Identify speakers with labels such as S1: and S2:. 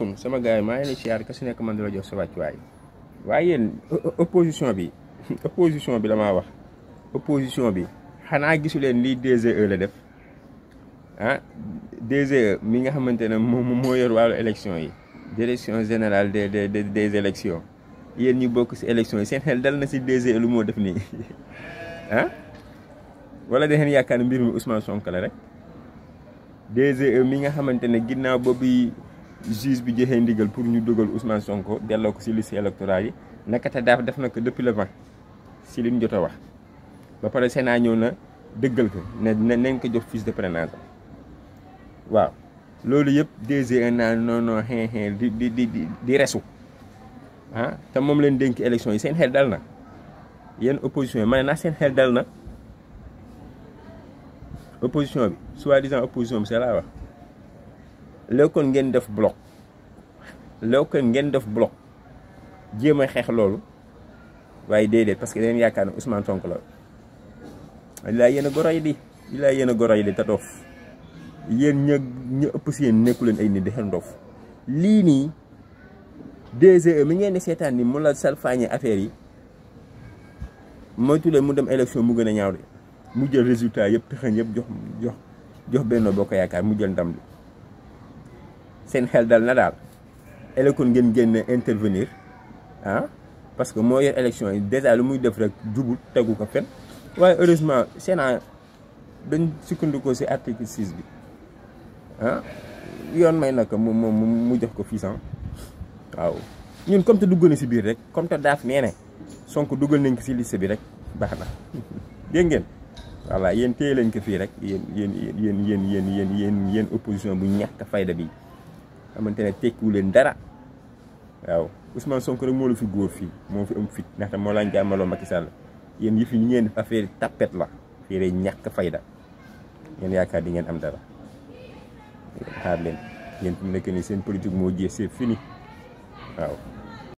S1: salaamaaleykum sama gars yi maa ngi lay siyaar ka si nekk man di la jox waaye yéen opposition bi opposition bi damaa wax opposition bi xanaa gisuleen lii DGE la def ah des mi nga xamante ne moom moo yor wàllu élection yi direction général des des des élections yéen ñu bokk si élection yi seen xel dal na si DGE lu moo def nii ah wala da ngeen yaakaar ne mbir mi Ousmane Sonko la rek DGE mi nga xamante ne ginnaaw juge bi joxee ndigal pour ñu dugal Ousmane Sonko delloo ko si liste électorale yi nakate daaf def na ko depuis le vingt si li mu jot a wax ba pare Sénat ñëw na dëggal ko ne nañ ko jox fiche de parrainage waaw loolu yëpp DG naa non non xin di di di resu ah, te moom leen dénk élection yi seen xel dal na yéen opposition yi ma ne naa seen xel dal na opposition bi soi-disant opposition bi c'est laa wax loo ngeen def bloc loo ngeen def bloc jéem a xeex loolu waaye déedéet parce que dañu yaakaar ne Ousmane Sonko la illaa yéen a goroy di illaa yéen a goroy di te doof yéen ña ñu ëpp si yéen nekku leen ay nit di xen doof lii nii DGE mi ngeen di seetaan ni mu la salfaañe affaire yi moytu leen mu dem élection mu gën a ñaaw de mu jël résultat yëpp tëxañ yëpp jox jox jox benn bokk yaakaar mu jël ndam li seen xel dal na daal elekon ngeen génn intervenir ah parce que moo yor élection yi dèjà lu muy def rek jubul tegu ko fen waaye heureusement Sénat dañ sukkandikoo si article six bi ah yoon may naka moom moom mu jox ko fii san waaw ñun comme te dugg na si biir rek comme te daaf nee ne Sonko dugal nañ ko si liste bi rek baax na dégg ngeen voilà yéen téye lañ ko fii rek yéen yéen yéen yéen yéen yéen yéen yéen opposition bu ñàkk fayda bi xamante ne tekkiwu leen dara waaw Ousmane Sonko rek moo la fi góor fii moo fi am fit ndaxte moo laan jàmmaloo Macky Sall yéen yi fi ngeen def affaire tapet la affaire ñàkk fayda ngeen yaakaar di ngeen am dara xaar leen yéen fi mu nekk seen politique moo jeex c'est fini waaw